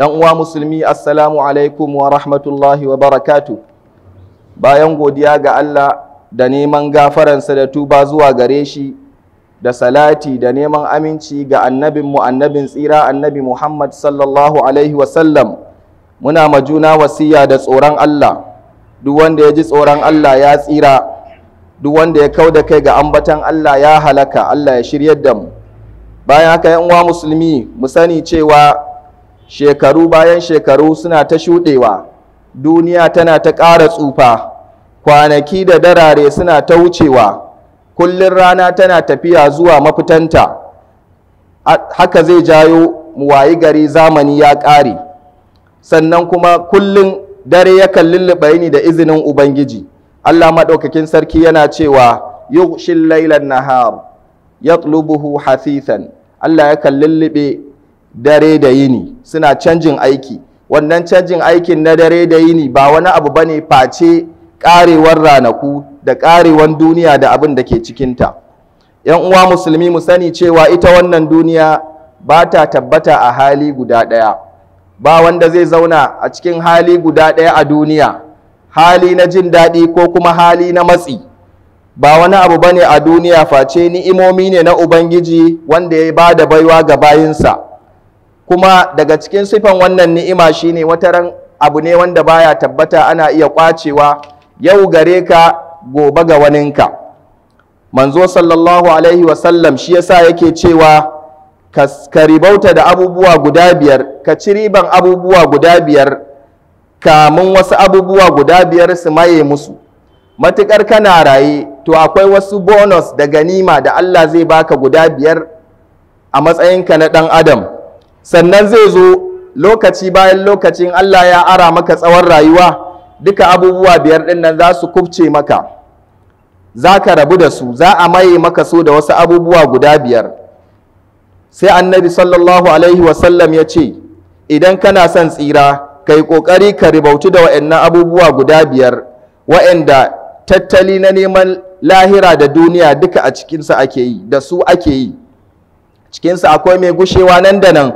‘Yan uwa musulmi, Assalamu alaikum wa rahmatullahi wa barakatu. Bayan godiya ga Allah da neman gafaransa da tuba zuwa gare shi, da salati da neman aminci ga annabinmu annabin tsira annabi Muhammad sallallahu alaihi wasallam, muna majuna wasiya da tsoron Allah, duk wanda ya ji tsoron Allah ya tsira, duk wanda ya kau da kai ga ambatan Allah ya halaka, Allah ya shiryar da mu. Bayan haka ‘yan uwa musulmi, mu sani cewa shekaru bayan shekaru suna ta shuɗewa duniya tana ta ƙara tsufa kwanaki da darare suna ta wucewa kullum rana tana tafiya zuwa mafitanta haka zai jayo mu wayi gari zamani ya ƙare sannan kuma kullum dare yakan lulluɓe ni da izinin ubangiji allah maɗaukakin sarki yana cewa yughshil lailan nahar yatlubuhu hasithan allah yakan lulluɓe dare da yini suna canjin aiki wannan canjin aikin na dare da yini ba wani abu bane face karewar ranaku da karewar duniya da abin da ke cikinta yan uwa musulmi mu sani cewa ita wannan duniya ba ta tabbata a hali guda ɗaya ba wanda zai zauna a cikin hali guda ɗaya a duniya hali na jin daɗi ko kuma hali na matsi ba wani abu bane a duniya face ni'imomi ne na ubangiji wanda ya ba da baiwa ga bayinsa kuma daga cikin sifan wannan ni'ima shine wataran abu ne wanda baya tabbata ana iya kwacewa yau gare ka gobe ga waninka manzo sallallahu alaihi wasallam shi yasa yake cewa ka ribauta da abubuwa guda biyar ka ci riban abubuwa guda biyar kamun wasu abubuwa guda biyar su maye musu matukar kana raye to akwai wasu bonus da ganima da Allah zai baka guda biyar a matsayinka na ɗan adam sannan zai zo lokaci bayan lokacin Allah ya ara maka tsawon rayuwa duka abubuwa biyar ɗin nan za su kubce maka za ka rabu da su za a maye maka so da wasu abubuwa guda biyar sai annabi sallallahu alaihi wasallam ya ce idan kana son tsira ka yi ƙoƙari ka ribautu da wa'annan abubuwa guda biyar wa'anda tattali na neman lahira da duniya duka a cikinsa ake yi da su ake yi cikinsa akwai mai gushewa nan da nan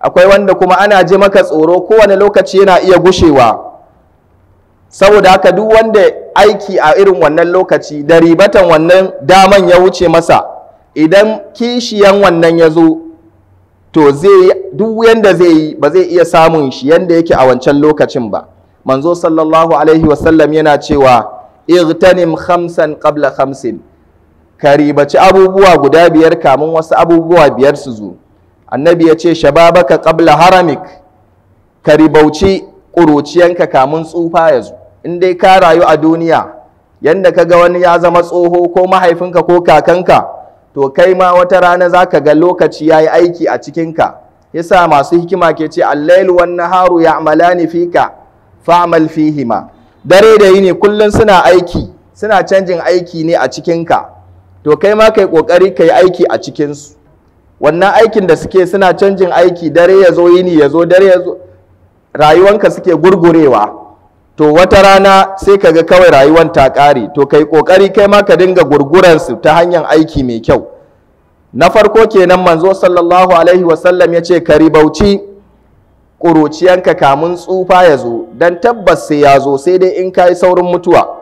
akwai wanda kuma ana ji maka tsoro kowane lokaci yana iya gushewa saboda haka duk wanda aiki a irin wannan lokaci da ribatan wannan daman ya wuce masa idan kishiyan wannan ya zo to zai duk yanda zai yi ba zai iya samun shi yanda yake a wancan lokacin ba manzo sallallahu alaihi wasallam yana cewa irtanim khamsan qabla khamsin ka ribaci abubuwa guda biyar kamun wasu abubuwa biyar su zo annabi ya ce shababaka qabla haramik ka ribauci ƙuruciyanka kamun tsufa ya zo in dai ka rayu a duniya yadda ka ga wani ya zama tsoho ko mahaifinka ko kakanka to kai ma wata rana za ka ga lokaci ya yi aiki a cikinka yasa masu hikima ke ce allailu wan naharu ya'malani fika fa'mal fihima dare da yini kullum suna aiki suna canjin aiki ne a cikinka to kai ma kai kokari yi aiki a cikinsu wannan aikin da suke suna canjin aiki dare ya zo yini ya zo dare ya zo rayuwanka suke gurgurewa to wata rana sai ka ga kawai rayuwan ta ƙare to kai ƙoƙari kai ma ka dinga gurguransu ta hanyar aiki mai kyau na farko kenan manzo sallallahu alaihi wasallam ya ce ka ribauci ƙuruciyanka kamun tsufa ya zo don tabbas sai ya zo sai dai in ka yi saurin mutuwa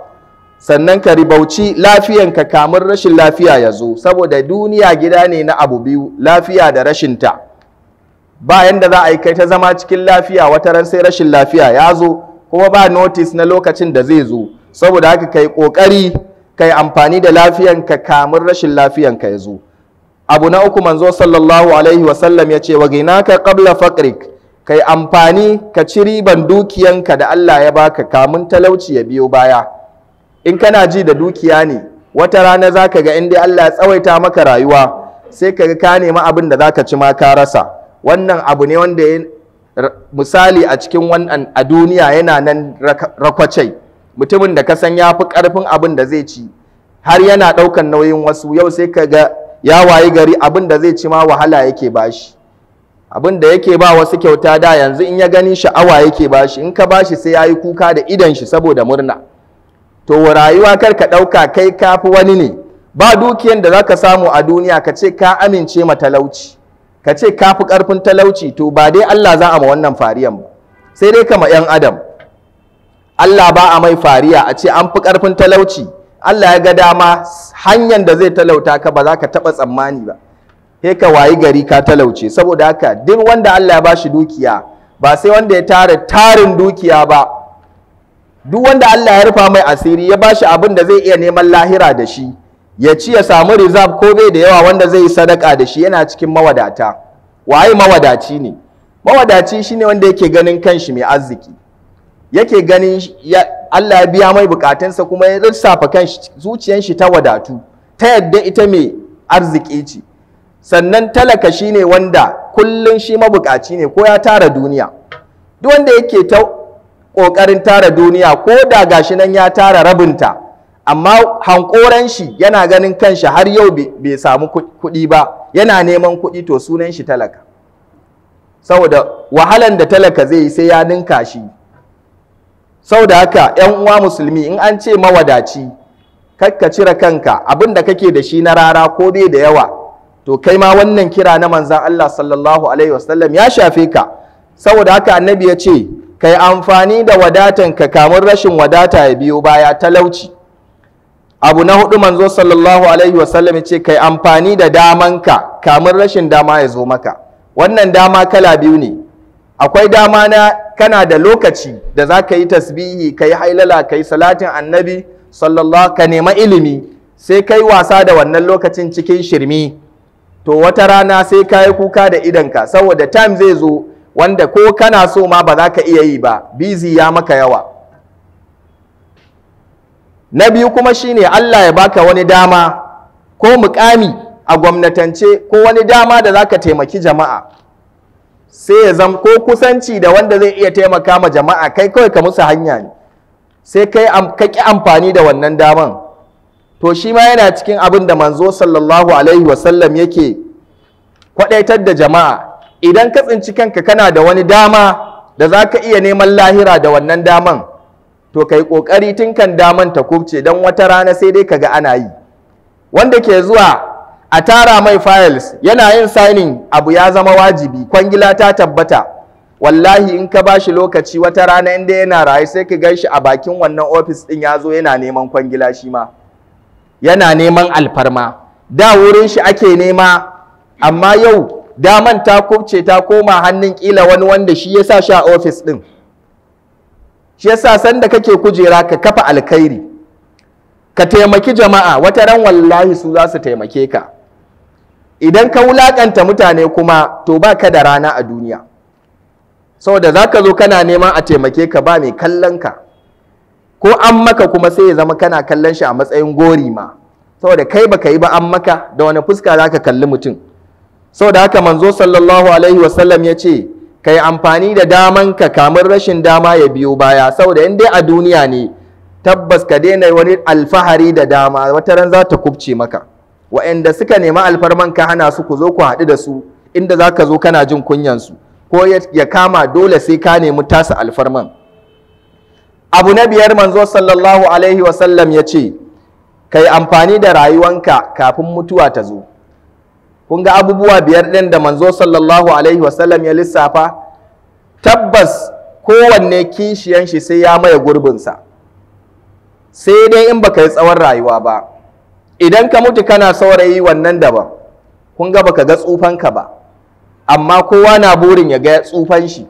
sannan ka ribauci lafiyanka kamun rashin lafiya ya zo saboda duniya gida ne na abu biyu lafiya da rashinta bayan da za a yi kai ta zama cikin lafiya wata ran sai rashin lafiya ya zo kuma ba notis na lokacin da zai zo saboda haka kai kokari kai amfani da lafiyanka kamun rashin lafiyanka ya zo abu na uku manzo sallallahu alaihi wasallam ya ce wa ginaka qabla faqrik kai amfani ka ci riban dukiyanka da Allah ya baka kamun talauci ya biyo baya in kana ji da dukiya ne wata rana za ka ga inda Allah ya tsawaita maka rayuwa sai ka ga ka nemi abin da za ka ci ma ka rasa wannan abu ne wanda ya misali a cikin wannan a duniya yana nan rakwacai mutumin da ka san ya fi ƙarfin abin da zai ci har yana ɗaukan nauyin wasu yau sai ka ga ya wayi gari abin da zai ci ma wahala yake bashi abin da yake ba wasu kyauta da yanzu in ya gani sha'awa yake bashi in ka bashi sai ya yi kuka da idan shi saboda murna to rayuwa kar ka ɗauka kai kafi wani ne ba dukiyan da za ka samu a duniya ka ce ka amince ma talauci ka ce ka fi ƙarfin talauci to ba dai Allah za a ma wannan fariyan ba sai dai kama 'yan adam Allah ba a mai fariya a ce an fi ƙarfin talauci Allah ya ga dama hanyar da zai talauta ka ba za ka taɓa tsammani ba sai ka wayi gari ka talauce saboda haka duk wanda Allah ya bashi dukiya ba sai wanda ya tara tarin dukiya ba duk wanda Allah ya rufa mai asiri ya bashi abin da zai iya neman lahira da shi ya ci ya samu rizab ko bai da yawa wanda zai yi sadaka da shi yana cikin mawadata waye mawadaci ne mawadaci shine wanda yake ganin kanshi mai arziki yake ganin Allah ya biya mai bukatunsa kuma ya lissafa kanshi zuciyar shi ta wadatu ta yadda ita mai arziki ce sannan talaka shine wanda kullun shi mabukaci ne ko ya tara duniya duk wanda yake ta ƙoƙarin tara duniya ko da gashi nan ya tara rabinta amma hankoran shi yana ganin kanshi har yau bai samu kuɗi ba yana neman kuɗi to sunan shi talaka saboda wahalan da talaka zai yi sai ya ninka shi saboda haka yan uwa musulmi in an ce mawadaci ka cire kanka abin da kake da shi na rara ko bai da yawa to kai ma wannan kira na manzan Allah sallallahu alaihi wasallam ya shafe ka saboda haka annabi ya ce kai amfani da wadatan ka kamun rashin wadata ya biyo baya talauci abu na hudu manzo sallallahu alaihi wasallam ya ce kai amfani da damanka kamun rashin dama ya zo maka wannan dama kala biyu ne akwai dama na kana da lokaci da za ka yi tasbihi ka yi hailala ka yi salatin annabi sallallahu ka nema ilimi sai kai wasa da wannan lokacin cikin shirmi to wata rana sai ka yi kuka da idanka saboda time zai zo wanda ko kana so ma ba za ka iya yi ba bizi ya maka yawa na biyu kuma shine Allah ya baka wani dama ko mukami a gwamnatance ko wani dama da za ka taimaki jama'a sai ya zama ko kusanci da wanda zai iya taimaka ma jama'a kai kawai ka musu hanya ne sai kai ka ƙi amfani da wannan daman to shi ma yana cikin abin da manzo sallallahu alaihi wasallam yake kwaɗaitar da jama'a idan ka tsinci kanka kana da wani dama da za ka iya neman lahira da wannan daman to kai ƙoƙari tun kan daman ta kubce don wata rana sai dai kaga ana yi wanda ke zuwa a tara mai files yana yin signing abu ya zama wajibi kwangila ta tabbata wallahi in ka bashi lokaci wata rana inda yana rayu sai ka gan shi a bakin wannan ofis ɗin ya zo yana neman kwangila shi ma yana neman alfarma da wurin shi ake nema amma yau daman ta kubce ta koma hannun kila wani wanda shi ya sa shi a ofis ɗin shi yasa sanda kake kujera ka kafa alkhairi ka taimaki jama'a wata ran wallahi su za su taimake ka idan ka wulaƙanta mutane kuma to ba ka da rana a duniya saboda za ka zo kana neman a taimake ka ba mai kallon ka ko an maka kuma sai ya zama kana kallon shi a matsayin gori ma saboda kai baka yi ba an maka da wani fuska za ka kalli mutum da haka manzo sallallahu alaihi wasallam ya ce ka yi amfani da daman ka kamar rashin dama ya biyo baya saboda in dai a duniya ne tabbas ka daina wani alfahari da dama wata ran za ta kubce maka wa'anda suka nemi alfarman ka hana su ku zo ku haɗu da su inda za ka zo kana jin kunyansu ko ya kama dole sai ka nemi tasa alfarman abu na biyar manzo sallallahu alaihi wasallam ya ce ka yi amfani da rayuwanka kafin mutuwa ta zo kun ga abubuwa biyar ɗin da manzo sallallahu alaihi wasallam ya lissafa tabbas kowanne kishiyan shi sai ya maye gurbinsa sai dai in baka yi tsawon rayuwa ba idan ka mutu kana saurayi wannan daban kun ga baka ga tsufanka ba amma kowa na burin ya ga tsufan shi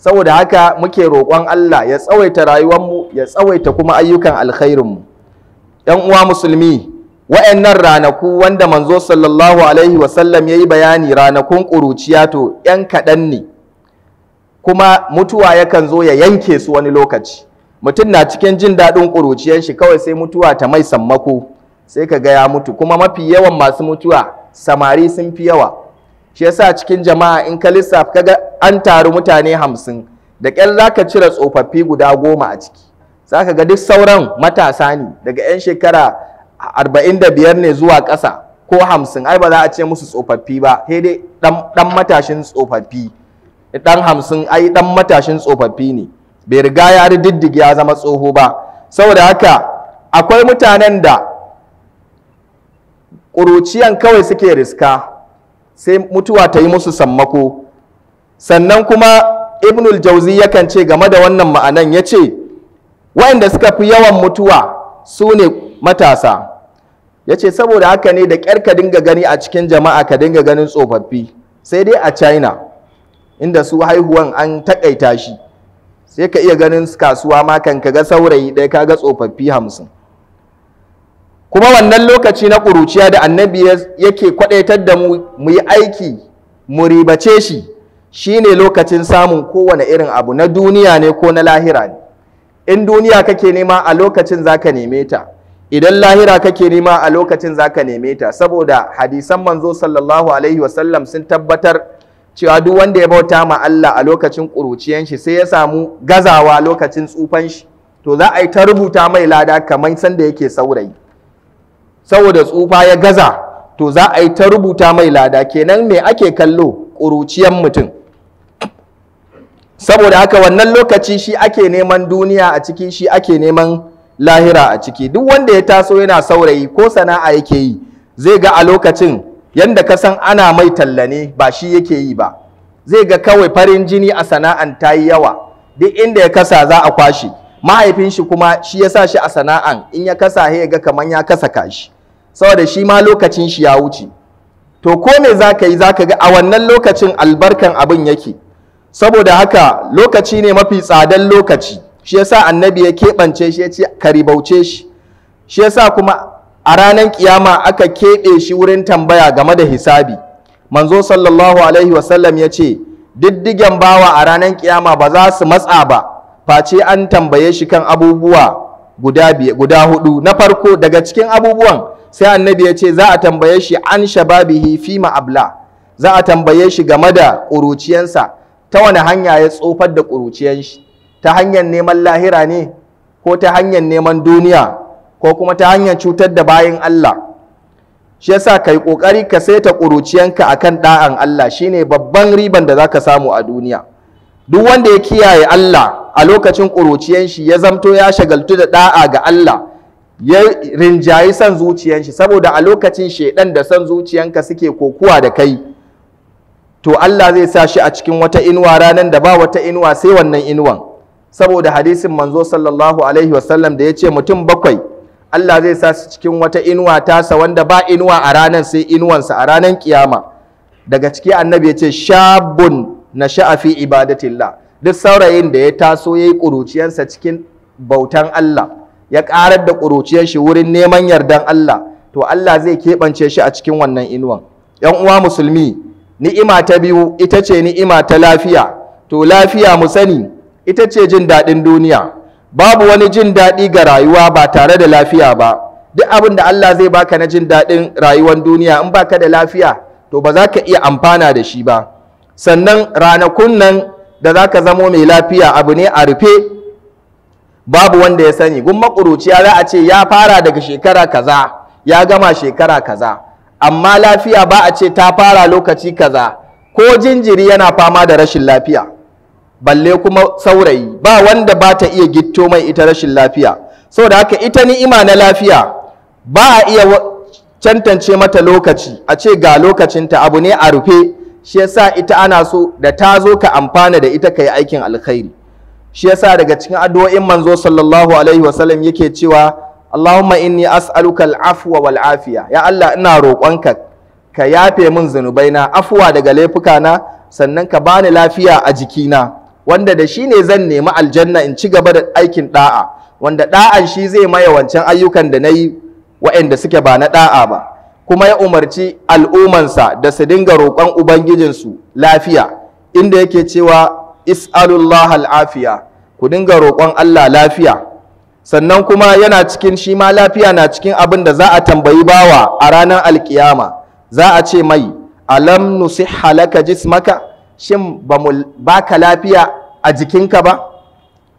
saboda haka muke roƙon Allah ya tsawaita rayuwarmu ya tsawaita kuma ayyukan alkhairinmu ‘yan uwa musulmi wa'annan ranaku wanda manzo sallallahu alaihi wasallam ya yi bayani ranakun ƙuruciya to ‘yan kaɗan ne kuma mutuwa yakan zo ya yanke su wani lokaci mutum na cikin jin daɗin ƙuruciyar shi kawai sai mutuwa ta mai sammako sai ka ga ya mutu kuma mafi yawan masu mutuwa samari sun fi yawa shi yasa cikin jama'a in ka lissafa kaga an taru mutane hamsin da ƙyar za ka cire tsofaffi guda goma a ciki za ka ga duk sauran matasa ne daga 'yan shekara arba'in da biyar ne zuwa ƙasa ko hamsin ai ba za a ce musu tsofaffi ba sai dai ɗan matashin tsofaffi ɗan 50 ai ɗan matashin tsofaffi ne bai riga ya diddige ya zama tsoho ba saboda haka akwai mutanen da ƙuruciyan kawai suke riska sai mutuwa ta yi musu sammako sannan kuma ibnul jauzi yakan ce game da wannan ma'anan ya ce waɗanda suka fi yawan mutuwa su ne matasa ya ce saboda haka ne da ƙyar ka dinga gani a cikin jama'a ka dinga ganin tsofaffi sai dai a china inda su haihuwan an takaita shi sai ka iya ganin kasuwa ma kan ka ga saurayi ɗaya ka ga tsofaffi hamsin kuma wannan lokaci na ƙuruciya da annabi yake kwaɗaitar da mu yi aiki mu ribace shi shine lokacin samun kowane irin abu na duniya ne ko na lahira ne in duniya kake nema a lokacin za ka neme ta idan lahira kake nema a lokacin zaka neme ta saboda hadisan manzo sallallahu alaihi wasallam sun tabbatar cewa duk wanda ya bauta ma Allah a lokacin ƙuruciyan shi sai ya samu gazawa lokacin tsufan shi to za a yi ta rubuta mai lada kamar sanda yake saurayi saboda tsufa ya gaza to za a yi ta rubuta mai lada kenan me ake kallo ƙuruciyan mutum saboda haka wannan lokaci shi ake neman duniya a ciki shi ake neman lahira a ciki duk wanda ya taso yana saurayi ko sana'a yake yi zai ga a lokacin yadda ka san ana mai talla ne ba shi yake yi ba zai ga kawai farin jini a sana'an ta yi yawa duk inda ya kasa za a kwashi mahaifin shi kuma shi ya sa shi a sana'an in ya kasa ya ga kamar ya kasa kashi saboda shi ma lokacin shi ya wuce to ko me za ka yi za ka ga a wannan lokacin albarkan abin yake saboda haka lokaci ne mafi tsadan lokaci shi yasa annabi ya keɓance shi ya ce karibauce shi shi yasa kuma a ranar ƙiyama aka keɓe shi wurin tambaya game da hisabi manzo sallallahu alaihi wasallam ya ce diddigen bawa a ranar kiyama ba za su matsa ba face an tambaye shi kan abubuwa guda guda hudu na farko daga cikin abubuwan sai annabi ya ce za a tambaye shi an shababihi fi ma'abla za a tambaye shi game da ƙuruciyansa ta wani hanya ya tsofar da ƙuruciyan shi ta hanyar neman lahira ne ko ta hanyar neman duniya ko kuma ta hanyar cutar da bayan Allah shi yasa kai kokari ka saita ƙuruciyanka akan da'an Allah shine babban riban da zaka samu a duniya duk wanda ya kiyaye Allah a lokacin ƙuruciyan shi ya zamto ya shagaltu da da'a ga Allah ya rinjayi son zuciyan shi saboda a lokacin shedan da son zuciyanka suke kokuwa da kai to Allah zai sa shi a cikin wata inuwa ranar da ba wata inuwa sai wannan inuwan saboda hadisin manzo sallallahu alaihi wasallam da ya ce mutum bakwai Allah zai sa su cikin wata inuwa tasa wanda ba inuwa a ranar sai inuwansa a ranar kiyama daga ciki annabi ya ce shabun na sha'afi ibadatillah duk saurayin da ya taso ya yi ƙuruciyarsa cikin bautan Allah ya ƙarar da ƙuruciyar shi wurin neman yardan Allah to Allah zai keɓance shi a cikin wannan inuwan ‘yan uwa musulmi ni'ima ta biyu ita ce ni'ima ta lafiya to lafiya mu sani ita ce jin daɗin duniya babu wani jin daɗi ga rayuwa ba tare da lafiya ba duk abin da Allah zai baka na jin daɗin rayuwar duniya in baka da lafiya to ba za ka iya amfana da shi ba sannan ranakun nan da za ka zamo mai lafiya abu ne a rufe babu wanda ya sani gun makuruciya za a ce ya fara daga shekara kaza ya gama shekara kaza amma lafiya ba a ce ta fara lokaci kaza ko jinjiri yana fama da rashin lafiya balle kuma saurayi ba wanda ba ta iya gitto mai ita rashin lafiya saboda haka ita ni'ima na lafiya ba a iya cantance mata lokaci a ce ga lokacinta abu ne a rufe shi yasa ita ana so da ta zo ka amfana da ita ka yi aikin alkhairi shi yasa daga cikin addu'o'in manzo sallallahu alaihi wasallam yake cewa Allahumma inni as'aluka al'afwa wal afiya ya Allah ina roƙonka ka yafe min na afuwa daga laifuka na sannan ka bani lafiya a jikina wanda da shi ne zan nemi aljanna in ci gaba da aikin da'a wanda da'an shi zai maye wancan ayyukan da na yi wa'anda suke ba na da'a ba kuma ya umarci al'umansa da su dinga roƙon ubangijinsu lafiya inda yake cewa is'alullah al'afiya ku dinga roƙon Allah lafiya sannan kuma yana cikin shi ma lafiya na cikin abin da za a tambayi bawa a ranar alkiyama za a ce mai alam nusiha laka jismaka shin ba mu baka lafiya a jikinka ba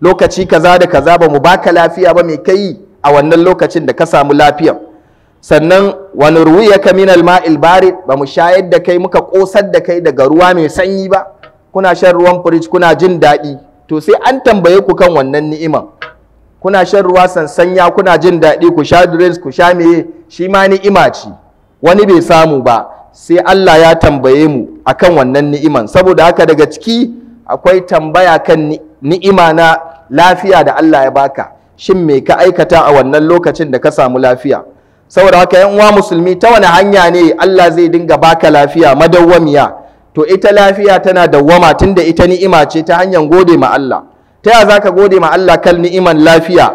lokaci kaza da kaza ba mu baka lafiya ba mai kai a wannan lokacin da ka samu lafiya sannan wani ruwiya ka min alma'il barid ba mu shayar da kai muka kosar da kai daga ruwa mai sanyi ba kuna shan ruwan firij kuna jin daɗi to sai an tambaye ku kan wannan ni'iman kuna shan ruwa sansanya kuna jin daɗi ku sha drinks ku sha meye shi ma ni'ima ce wani bai samu ba sai Allah ya tambaye mu akan wannan ni'iman saboda haka daga ciki akwai tambaya kan ni'ima na lafiya da Allah ya baka shin me ka aikata a wannan lokacin da ka samu lafiya saboda haka yan uwa musulmi ta wani hanya ne Allah zai dinga baka lafiya madawwamiya to ita lafiya tana dawwama tunda ita ni'ima ce ta hanyar gode ma Allah ta ya zaka gode ma Allah kan ni'iman lafiya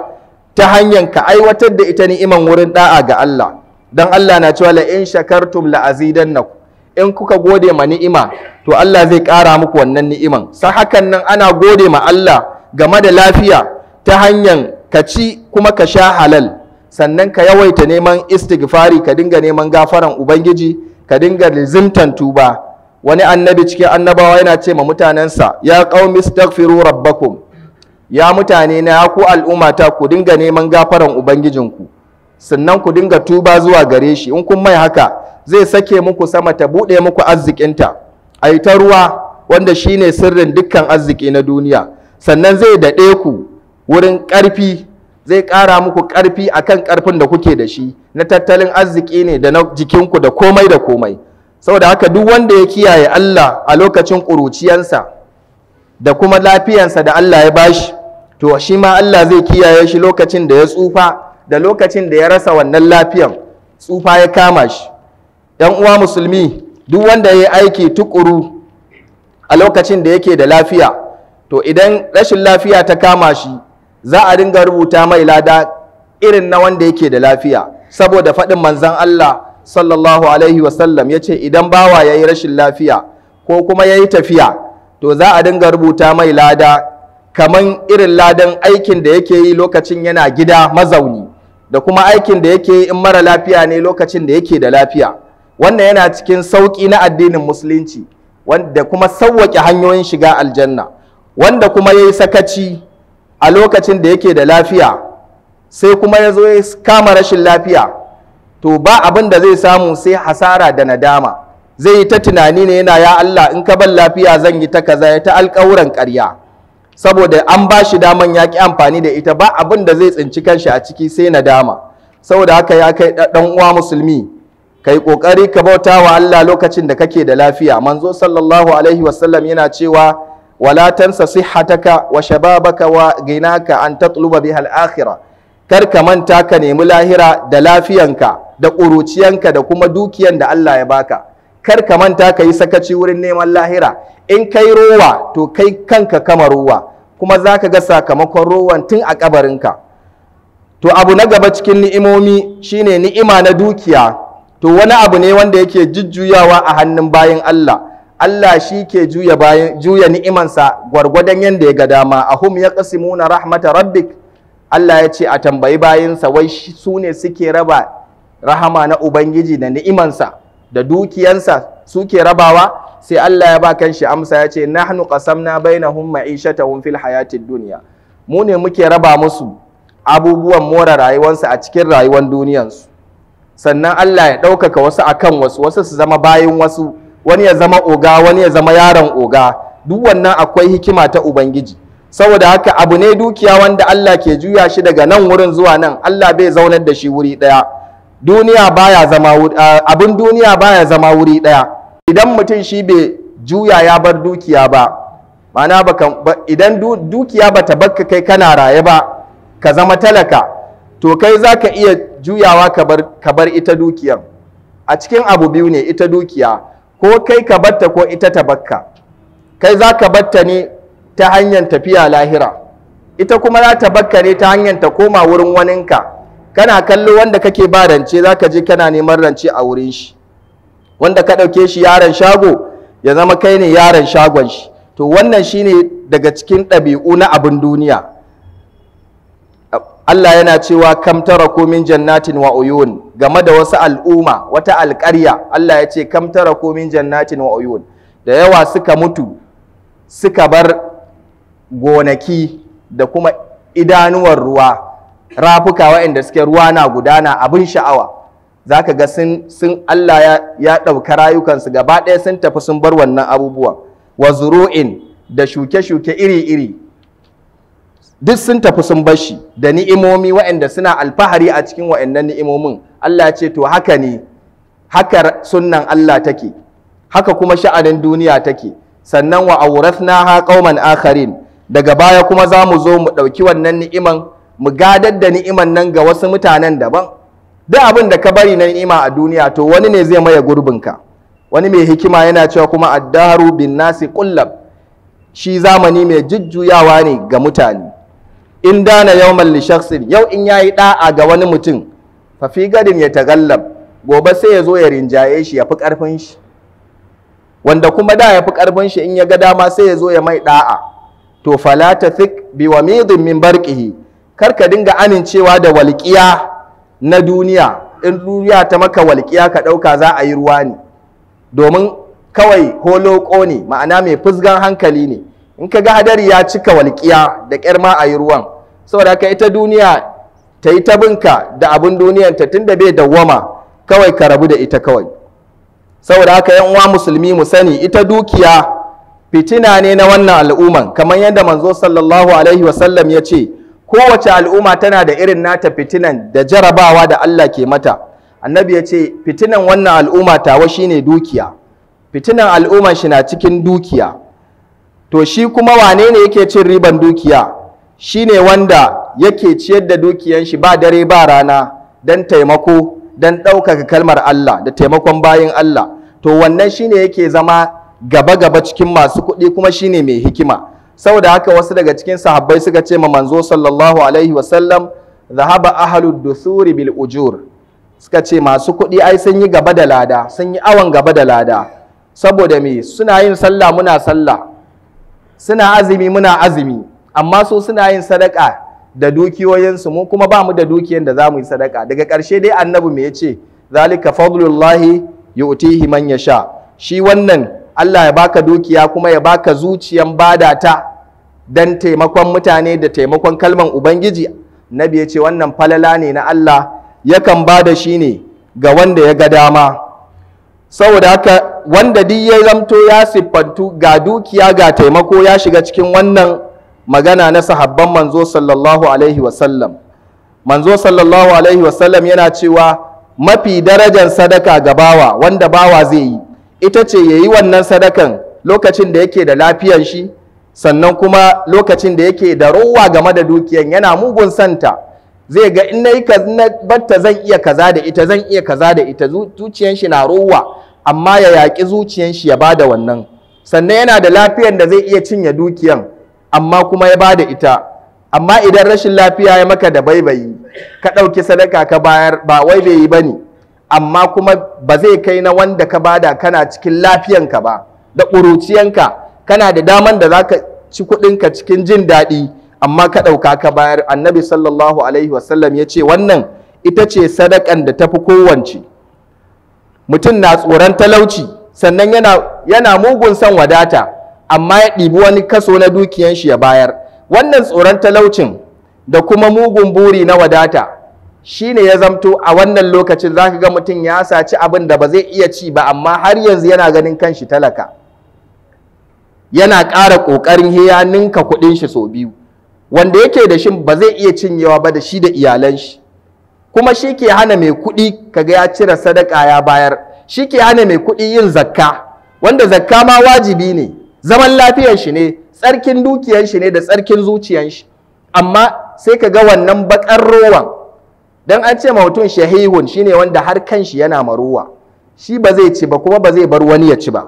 ta hanyar ka aiwatar da ita ni'iman wurin da'a ga Allah dan Allah na cewa la in shakartum la azidannakum in kuka gode ma ni'ima to Allah zai ƙara muku wannan ni'iman sa hakan nan ana gode ma Allah game da lafiya ta hanyar ka ci kuma ka sha halal sannan ka yawaita neman istighfari ka dinga neman gafaran ubangiji ka dinga lizimtan tuba wani annabi cikin annabawa yana ce ma mutanensa ya qaumi istaghfiru rabbakum ya mutane na ku al'ummata ku dinga neman gafaran ubangijinku sannan ku dinga tuba zuwa gare shi in kun mai haka zai sake muku sama ta buɗe muku arzikinta a yi ta ruwa wanda shine sirrin dukkan arziki na duniya sannan zai daɗe ku wurin ƙarfi zai ƙara muku ƙarfi a kan ƙarfin da kuke da shi na tattalin arziki ne da na jikinku da komai da komai saboda haka duk wanda ya kiyaye Allah a lokacin ƙuruciyansa da kuma lafiyansa da Allah ya bashi to shi ma Allah zai kiyaye shi lokacin da ya tsufa da lokacin da ya rasa wannan lafiyan tsufa ya kama shi 'yan uwa musulmi duk wanda ya yi aiki tukuru a lokacin da yake da lafiya to idan rashin lafiya ta kama shi za a dinga rubuta mai lada irin na wanda yake da lafiya saboda faɗin manzan Allah sallallahu alaihi wasallam ya ce idan bawa ya yi rashin lafiya ko kuma ya yi tafiya to za a dinga rubuta mai lada kaman irin ladan aikin da yake yi lokacin yana gida mazauni da kuma aikin da yake yi in mara lafiya ne lokacin da yake da lafiya wannan yana cikin sauƙi na addinin musulunci wanda kuma sauwaƙe hanyoyin shiga aljanna wanda kuma ya yi sakaci a lokacin da yake da lafiya sai kuma ya zo ya kama rashin lafiya to ba abin da zai samu sai hasara da nadama zai yi ta tunani ne yana ya Allah in ka ban lafiya zan yi ta kaza ya ta alƙawuran ƙarya saboda an ba shi daman ya ki amfani da ita ba abin da zai tsinci kanshi a ciki sai nadama saboda haka ya kai ɗan uwa musulmi kai kokari ka bauta wa Allah lokacin da kake da lafiya manzo sallallahu alaihi wasallam yana cewa wala tansa sihhataka wa shababaka wa ginaka an tatluba biha al kar ka manta ka nemi lahira da lafiyanka da ƙuruciyanka da kuma dukiyan da Allah ya baka kar ka manta ka yi sakaci wurin neman lahira in kai rowa to kai kanka kama rowa kuma za ka ga sakamakon rowan tun a kabarinka to abu na gaba cikin ni'imomi shine ni'ima na dukiya to wani abu ne wanda yake jujjuyawa a hannun bayan Allah Allah shi ke juya ni'imansa gwargwadon yadda ya ga dama a ahum yaqsimuna rahmata rabbik Allah ya ce a tambayi bayansa wai su ne suke raba rahama na ubangiji da ni'imansa da dukiyansa suke rabawa sai Allah ya ba kan shi amsa ya ce nahnu qasamna bainahum ma'ishatahum fil hayatin duniya mu ne muke raba musu abubuwan more rayuwarsu a cikin rayuwar duniyarsu sannan Allah ya ɗaukaka wasu a kan wasu wasu su zama bayan wasu wani ya zama oga wani ya zama yaron oga duk wannan akwai hikima ta ubangiji saboda haka abu ne dukiya wanda Allah ke juya shi daga nan wurin zuwa nan Allah bai zaunar da shi wuri ɗaya duniya baya zama abin duniya baya zama wuri ɗaya idan mutum shi bai juya ya bar dukiya ba ma'ana idan dukiya bata bakka kai kana raye ba ka zama talaka to kai zaka iya juyawa ka bar ita dukiyar a cikin abu biyu ne ita dukiya ko kai ka batta ko ita ta bakka kai za ka batta ne ta hanyar tafiya lahira ita kuma za ta bakka ne ta hanyar ta koma wurin waninka kana kallo wanda kake ba rance za ka je kana neman rance a wurin shi wanda ka ɗauke shi yaron shago ya zama kai ne yaron shagon shi to wannan shine daga cikin ɗabi'u na abin duniya Allah yana cewa kam ko min jannatin wa uyun game da wasu al'umma wata alƙarya Allah ya ce kam ko min jannatin wa uyun da yawa suka mutu suka bar gonaki da kuma idanuwar ruwa rafuka waɗanda suke ruwa na gudana abin sha'awa za ka ga sun, Allah ya, ɗauka rayukansu gaba ɗaya sun tafi sun bar wannan abubuwan, wa zuru'in da shuke-shuke iri-iri duk sun tafi sun bar shi da ni'imomi waɗanda suna alfahari a cikin waɗannan ni'imomin Allah ce to haka ne haka sunnan Allah take haka kuma sha'anin duniya take sannan wa ha qauman akharin daga baya kuma za mu zo mu ɗauki wannan ni'iman mu gadar da ni'iman nan ga wasu mutanen daban duk abin da ka bari na ni'ima a duniya to wani ne zai maye gurbinka wani mai hikima yana cewa kuma addaru bin nasi kullab shi zamani mai jujjuyawa ne ga mutane in dana yawman li shakhsin yau in yayi da'a ga wani mutum fa fi gadin ya tagallab gobe sai ya zo ya rinjaye shi ya fi karfin shi wanda kuma da ya fi karfin shi in ya ga dama sai ya zo ya mai da'a to fala tathik bi wamidin min barqihi kar ka dinga amincewa da walƙiya na duniya in duniya ta maka walƙiya ka ɗauka za a yi ruwa ne domin kawai holoko ne ma'ana mai fusgan hankali ne in ka ga hadari ya cika walƙiya da ƙyar ma a yi ruwan saboda haka ita duniya ta yi ta binka da abin duniyarta tunda bai dawwama kawai ka rabu da ita kawai saboda haka yan uwa musulmi mu sani ita dukiya fitina ne na wannan al'umman kamar yadda manzo sallallahu alaihi wasallam ya ce kowace al'umma tana da irin nata fitinan da jarabawa da Allah ke mata annabi ya ce fitinan wannan al'umma tawa shine dukiya fitinan al'umman shi na cikin dukiya to shi kuma wane ne yake cin riban dukiya Shi ne wanda yake ciyar da dukiyan shi ba dare ba rana don taimako don ɗaukaka kalmar Allah da taimakon bayan Allah to wannan shi shine yake zama gaba-gaba cikin masu kuɗi kuma shi ne mai hikima saboda haka wasu daga cikin sahabbai suka ce ma manzo sallallahu alaihi wasallam zahaba ahlud dusuri bil ujur suka ce masu kuɗi ai sun yi gaba da lada sun yi awon gaba da lada saboda me suna yin sallah muna sallah suna azumi muna azumi amma so suna yin sadaka da dukiyoyinsu mu kuma ba mu da dukiyar da za mu yi sadaka daga ƙarshe dai annabi me ya ce zalika fadlullahi yu'tihi man yasha shi wannan Allah ya baka dukiya kuma ya baka zuciyan bada ta dan taimakon mutane da taimakon kalman ubangiji nabi ya ce wannan falala ne na Allah yakan da shi ne ga wanda ya ga dama saboda haka wanda duk ya zamto ya siffantu ga dukiya ga taimako ya shiga cikin wannan magana na sahabban manzo sallallahu alaihi wasallam manzo sallallahu alaihi wasallam yana cewa mafi darajar sadaka ga bawa wanda bawa zai yi ita ce ya yi wannan sadakan lokacin da yake da lafiyar shi sannan kuma lokacin da yake da rowa game da dukiyan yana mugun santa zai ga in nayi na batta zan iya kaza da ita zan iya kaza da ita zuciyan shi na rowa amma ya yaƙi zuciyan shi ya bada wannan sannan yana da lafiyar da zai iya cinye dukiyan amma kuma ya bada ita amma idan rashin lafiya ya maka da baibayi ka ɗauki sadaka ka bayar ba wai bai yi bane amma kuma ba zai kai na wanda ka bada kana cikin lafiyanka ba da ƙuruciyanka kana da daman da zaka ci kuɗinka cikin jin daɗi amma ka ɗauka ka bayar annabi sallallahu alaihi wasallam ya ce wannan ita ce sadakan da tafi kowance mutum na tsoron talauci sannan yana, yana mugun son wadata amma ya ɗibi wani kaso na dukiyan shi ya bayar wannan tsoron talaucin da kuma mugun buri na wadata shi ne ya zamto a wannan lokacin za ka ga mutum ya saci abin da ba zai iya ci ba amma har yanzu yana ganin kanshi talaka yana ƙara ƙoƙarin hiya ninka kuɗin shi sau biyu wanda yake da shi ba zai iya cinyewa ba da shi da iyalan shi kuma shi ke hana mai kuɗi kaga ya cire sadaka ya bayar shi ke hana mai kuɗi yin zakka wanda zakka ma wajibi ne zaman lafiyar shi ne tsarkin dukiyar shi ne da tsarkin zuciyar shi amma sai ka ga wannan bakar rowan dan an ce mutum shahihun shine wanda har kan shi yana maruwa shi ba zai ci ba kuma ba zai bar wani ya ci ba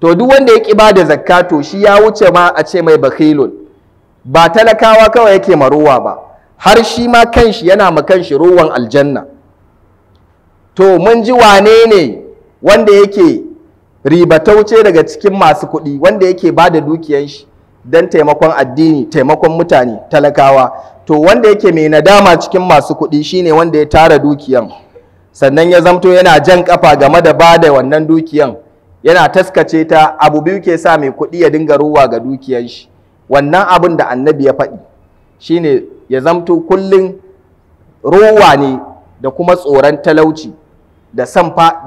to duk wanda ya ki ba da zakka to shi ya wuce ma a ce mai bakhilun ba talakawa kawai yake maruwa ba har shi ma kanshi yana ma kanshi rowan aljanna to mun ji wane ne wanda yake wuce daga cikin masu kuɗi wanda yake ba da dukiyan shi don taimakon addini taimakon mutane talakawa to wanda yake mai nadama cikin masu kuɗi shine wanda ya tara dukiyan sannan ya zamto yana jan kafa game da ba da wannan dukiyan yana taskace ta abu biyu ke sa mai kuɗi ya dinga ruwa ga dukiyan shi wannan abin da annabi ya faɗi shine ya zamto kullum ruwa ne da kuma tsoron talauci da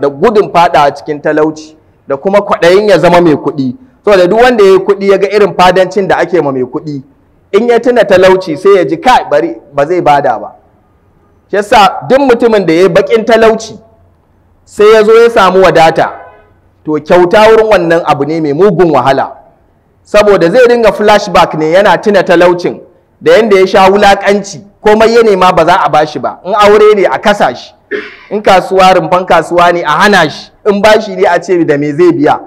gudun faɗawa cikin talauci da kuma kwaɗayin ya zama mai kuɗi saboda duk wanda ya yi kuɗi ya ga irin fadancin da ake ma mai kuɗi in ya tuna talauci sai ya ji kai bari ba zai bada ba shi yasa duk mutumin da ya yi baƙin talauci sai ya zo ya samu wadata to kyauta wurin wannan abu ne mai mugun wahala saboda zai dinga flashback ne yana tuna talaucin da yanda ya sha wulakanci komai ya nema ba za a bashi ba in aure ne a kasa shi in kasuwa rumfan kasuwa ne a hana shi in bashi ne a ce da me zai biya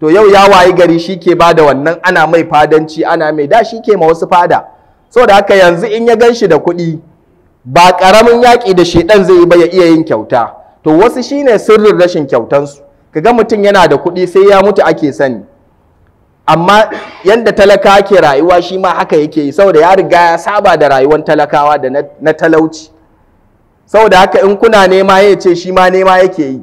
to yau ya wayi gari shi ke ba da wannan ana mai fadanci ana mai da shi ke ma wasu fada saboda haka yanzu in ya gan shi da kuɗi ba ƙaramin yaƙi da ɗan zai yi ba ya iya yin kyauta to wasu shi ne sirrin rashin kyautansu kaga mutum yana da kuɗi sai ya mutu ake sani amma yanda talaka ke rayuwa shi ma haka yake yi saboda ya riga ya saba da rayuwar talakawa da na talauci saboda haka in kuna nema ya ce shi ma nema yake yi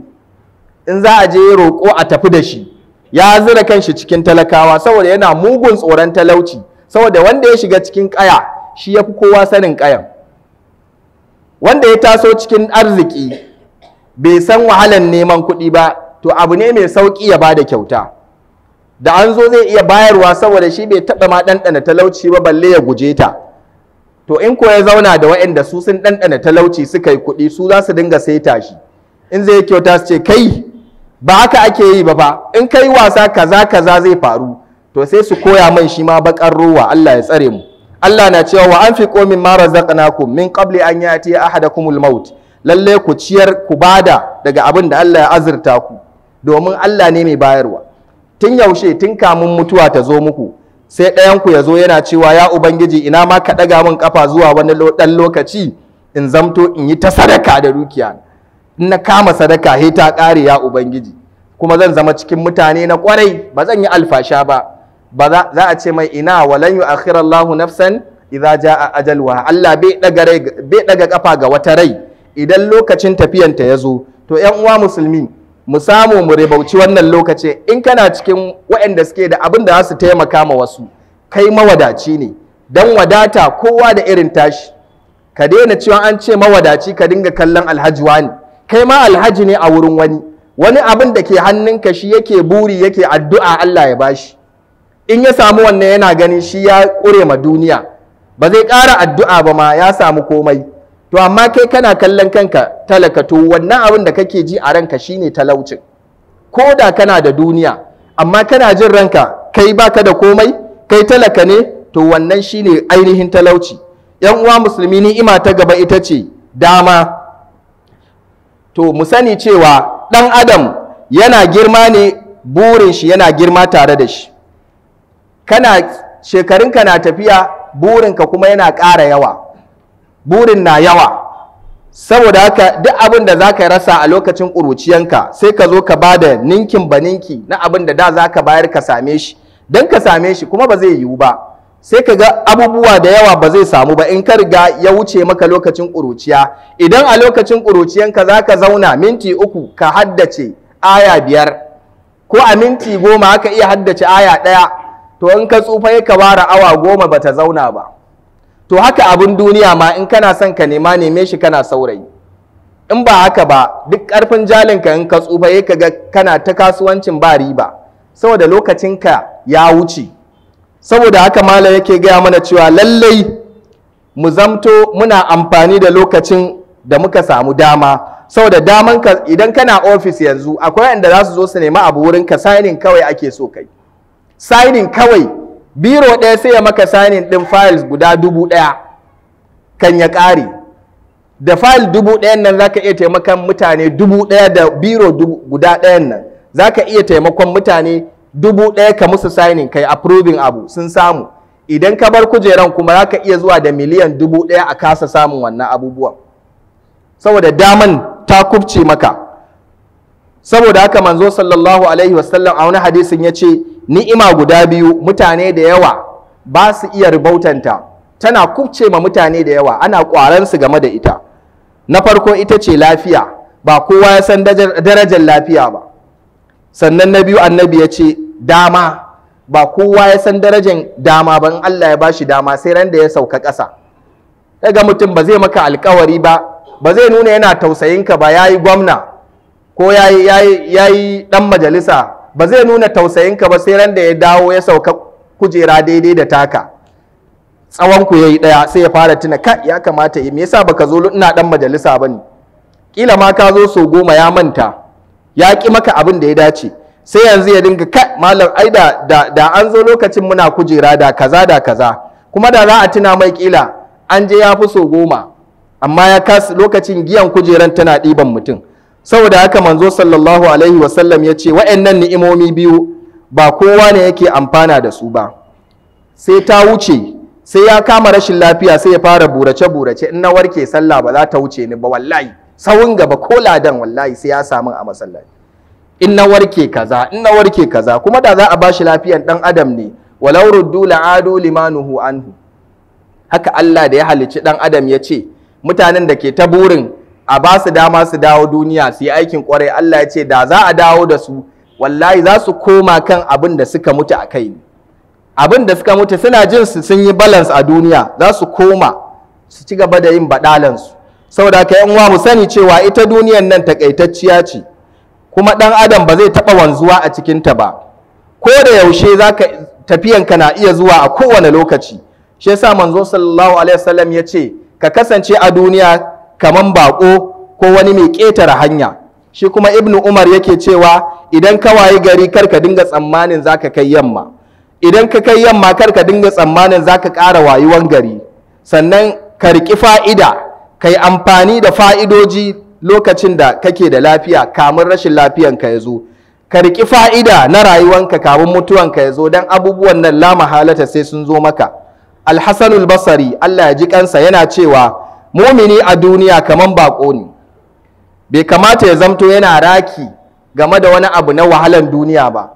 in za a je roƙo a tafi da shi ya zira kanshi cikin talakawa saboda yana mugun tsoron talauci saboda wanda ya shiga cikin ƙaya shi ya fi kowa sanin ƙayan wanda ya taso cikin arziki bai san wahalan neman kuɗi ba to abu ne mai sauƙi ya ba da kyauta da an zo zai iya bayarwa saboda shi bai taɓa ma ɗanɗana talauci ba balle ya guje ta to in ko ya zauna da waɗanda su sun ɗanɗana talauci suka yi kuɗi su za su dinga saita shi in zai kyauta su ce kai ba haka ake yi ba fa in kai wasa kaza kaza zai faru to sai su koya mai shi ma bakar ruwa Allah ya tsare mu Allah na cewa wa anfiqu ma razaqnakum min qabli an yati ahadakumul maut lalle ku ciyar ku bada daga abin da Allah ya azurta ku domin Allah ne mai bayarwa tun yaushe tun kamun mutuwa ta zo muku sai ɗayan ku ya zo yana cewa ya ubangiji ina ma ka ɗaga min kafa zuwa wani ɗan lokaci in zamto in yi ta sadaka da dukiya na kama sadaka he ta ƙare ya ubangiji kuma zan zama cikin mutane na kwarai ba zan yi alfasha ba ba za a ce mai ina walan yu lahu nafsan idza jaa ajalwa Allah bai daga bai daga kafa ga wata rai idan lokacin tafiyanta ya zo to yan uwa musulmi mu samu mu ribauci wannan lokaci in kana cikin waɗanda suke da abin da za su taimaka ma wasu kai mawadaci ne don wadata kowa da irin tashi ka daina cewa an ce mawadaci ka dinga kallon alhaji wani kai ma alhaji ne a wurin wani wani abin da ke hannunka shi yake buri yake addu'a Allah ya bashi in ya samu wannan yana ganin shi ya ƙure ma duniya ba zai ƙara addu'a ba ma ya samu komai to amma kai kana kallon kanka talaka wannan abin da kake ji a ranka shine talaucin ko da kana da duniya amma kana jin ranka kai baka da komai kai talaka ne to wannan shine ainihin talauci yan uwa musulmi ni ima ta gaba ita ce dama to mu sani cewa ɗan adam yana girma ne burin shi yana girma tare da shi kana shekarunka na tafiya burinka kuma yana ƙara yawa burin na yawa saboda haka duk abin da za ka rasa a lokacin ƙuruciyanka sai ka zo ka ba da ninkin baninki na abin da da za ka bayar ka same shi don ka same shi kuma ba zai yiwu ba sai ka ga abubuwa da yawa ba zai samu ba in ka riga ya wuce maka lokacin ƙuruciya idan a lokacin ƙuruciyanka za ka zauna minti uku ka haddace aya biyar ko a minti goma haka iya haddace aya ɗaya to in ka tsufa ya ka ware awa goma ba ta zauna ba to haka abin duniya ma in kana son ka nema neme shi kana saurayi in ba haka ba duk ƙarfin jalinka in ka tsufa ya ka ga kana ta kasuwancin ba riba saboda lokacinka ya wuce saboda haka malam yake gaya mana cewa lallai mu zamto muna amfani da lokacin da muka samu dama saboda daman ka idan kana ofis yanzu akwai wanda za su zo su nemi abu wurin ka signing kawai ake so kai signing kawai biro ɗaya sai ya maka signing ɗin files guda dubu ɗaya kan ya ƙare da fayil dubu ɗayan nan za ka iya taimakon mutane dubu ɗaya da biro guda ɗayan nan za ka iya taimakon mutane dubu ɗaya ka musu signing kai approving abu sun samu idan ka bar kujeran kuma za ka iya zuwa da miliyan dubu ɗaya a kasa samun wannan abubuwan saboda daman ta kubce maka saboda haka manzo sallallahu alaihi wasallam a wani hadisin ya ce ni'ima guda biyu mutane da yawa ba su iya ribautanta tana kubce ma mutane da yawa ana kwaransu game da ita na farko ita ce lafiya ba kowa ya san darajar lafiya ba sannan na biyu annabi ya ce dama ba kowa ya san darajar dama ba in Allah ya bashi dama sai ran da ya sauka ƙasa daga mutum ba zai maka alkawari ba ba zai nuna yana tausayinka ba yayi gwamna ko yayi ɗan majalisa ba zai nuna tausayinka ba sai ran da ya dawo ya sauka kujera daidai da taka tsawon ku yayi daya sai ya fara tuna ka ya kamata me yasa baka zo ina dan majalisa bane kila ma ka zo so goma ya manta ya ki maka abin da ya dace sai yanzu ya dinga ka malam ai da da an zo lokacin muna kujera da kaza da kaza kuma da za a tuna mai kila an je ya fi so goma amma ya kasa lokacin giyan kujeran tana ɗiban mutum saboda haka manzo sallallahu alaihi wasallam ya ce wa'annan ni'imomi biyu ba kowa ne yake amfana da su ba sai ta wuce sai ya kama rashin lafiya sai ya fara burace burace in na warke sallah ba za ta wuce ni ba wallahi sawun gaba ko ladan wallahi sai ya samu a masallaci in na warke kaza in na warke kaza kuma da za a bashi lafiyan dan adam ne walau ruddu la'adu limanuhu anhu haka Allah da ya halicci dan adam ya ce mutanen da ke ta burin a ba su dama su dawo duniya su yi aikin kwarai Allah ya ce da za a dawo da su wallahi za su koma kan abin da suka mutu a kai abin da suka mutu suna jin su sun yi balance a duniya za su koma su ci gaba da yin badalansu saboda haka yan uwa mu sani cewa ita duniyan nan takaitacciya ce kuma dan adam ba zai taba wanzuwa a cikin ta ba ko da yaushe zaka ka na iya zuwa a kowane lokaci shi yasa manzo sallallahu alaihi wasallam ya ce ka kasance a duniya kaman bako ko wani mai ƙetare hanya shi kuma ibnu umar yake cewa idan ka wayi gari kar ka dinga tsammanin zaka kai yamma idan ka kai yamma kar ka dinga tsammanin zaka ƙara wayuwan gari sannan ka riƙi fa'ida Ka yi amfani da fa'idoji lokacin da kake da lafiya kamun rashin lafiyanka ya zo ka riƙi fa'ida na rayuwanka kamun mutuwanka ya zo don abubuwan nan lama halata sai sun zo maka alhassanul basari allah ya ji kansa yana cewa mumini a duniya kamar baƙo ne bai kamata ya zamto yana raki game da wani abu na wahalan duniya ba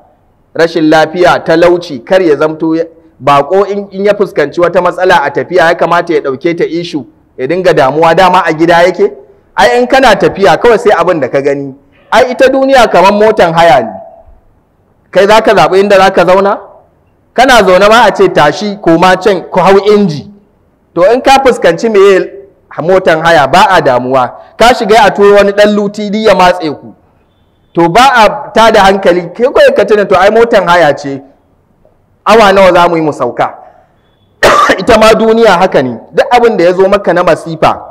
rashin lafiya talauci kar ya zamto baƙo in ya fuskanci wata matsala a tafiya ya kamata ya ɗauke ta ishu ya dinga damuwa dama a gida yake ai in kana tafiya kawai sai abin da ka gani ai ita duniya kamar motan haya ne kai za ka zaɓi inda za ka zauna kana zaune ma a ce tashi koma can ku hau inji to in ka fuskanci me motan haya ba a damuwa ka shiga a turo wani ɗan lutidi ya matse ku to ba a ta da hankali ke kawai ka tuna to ai motan haya ce awa nawa za mu yi mu sauka ita ma duniya haka ne duk abin da ya zo maka na masifa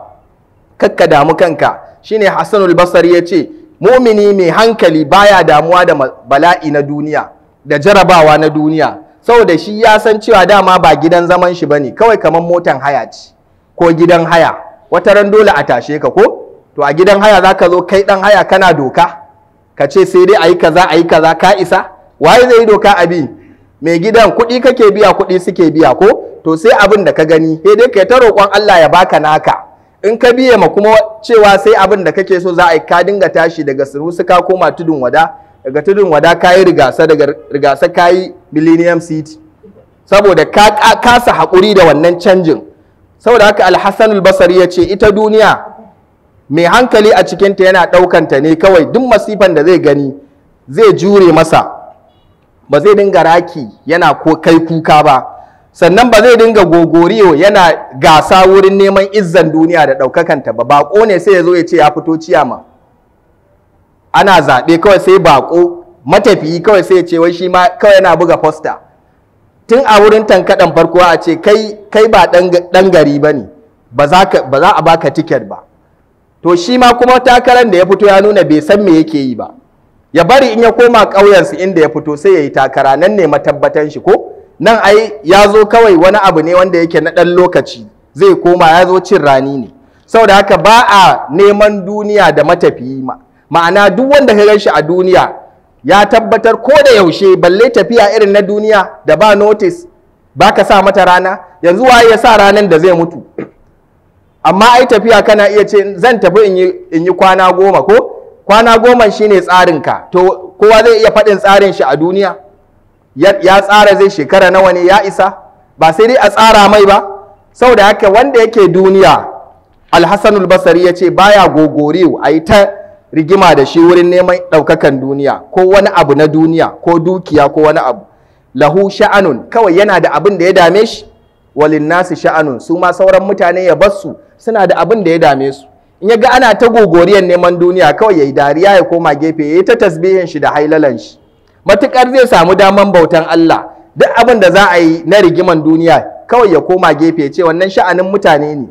kakka damu kanka shine hassanul basari ya ce mumini mai hankali baya damuwa da bala'i na duniya da jarabawa na duniya saboda shi ya san cewa dama ba gidan zaman shi bane kawai kamar motan haya ce ko gidan haya wata ran dole a tashe ka ko to a gidan haya zaka zo kai dan haya kana doka ka ce sai dai ayi kaza ayi kaza ka isa waye zai yi doka abin. mai gidan kuɗi kake biya kuɗi suke biya ko to sai abin da ka gani sai dai kai ta roƙon Allah ya baka naka in ka biye ma kuma cewa sai abin da kake so za a yi ka dinga tashi daga su ka koma tudun wada daga tudun wada ka yi rigasa daga rigasa ka yi millennium city saboda ka kasa haƙuri da wannan canjin saboda haka alhassan basari ya ce ita duniya mai hankali a cikinta yana ɗaukanta ne kawai duk masifan da zai gani zai jure masa ba zai dinga raki yana ko kai kuka ba sannan ba zai dinga gogoriyo yana gasa wurin neman izzan duniya da ɗaukakanta ba baƙo ne sai ya zo ya ce ya fito ciyama ana zaɓe kawai sai baƙo matafiyi kawai sai ya ce wai shi ma kawai yana buga fosta tun a wurin tankaɗan farko a ce kai ba ɗan gari ba ne ba za a baka tiket ba to shi ma kuma takarar da ya fito ya nuna bai san me yake yi ba ya bari in ya koma ƙauyensu inda ya fito sai ya yi takara nan ne matabbatan shi ko nan ai ya zo kawai wani abu ne wanda yake na ɗan lokaci zai koma ya zo cin rani ne saboda haka ba a neman duniya da matafiyi ma'ana duk wanda ka gan shi a duniya ya tabbatar ko da yaushe balle tafiya irin na duniya da ba notis ba ka sa mata rana yanzu waye ya sa ranar da zai mutu amma ai tafiya kana iya ce zan tafi in yi kwana goma ko kwana goma shine tsarinka to kowa zai iya faɗin tsarin shi a duniya ya tsara zai shekara nawa ne ya isa ba sai dai a tsara mai ba saboda haka wanda yake duniya alhassanul basari ya ce baya gogore a yi ta rigima da shi wurin neman ɗaukakan duniya ko wani abu na duniya ko dukiya ko wani abu lahu sha'anun kawai yana da abin da ya dame shi walin nasu sha'anun su ma sauran mutane ya basu suna da abin da ya dame su in ya ga ana ta gogoriyar neman duniya kawai ya yi dariya ya koma gefe ya yi ta tasbihin shi da hailalan shi matukar zai samu daman bautan Allah duk abin da za a yi na rigiman duniya kawai ya koma gefe ya ce wannan sha'anin mutane ne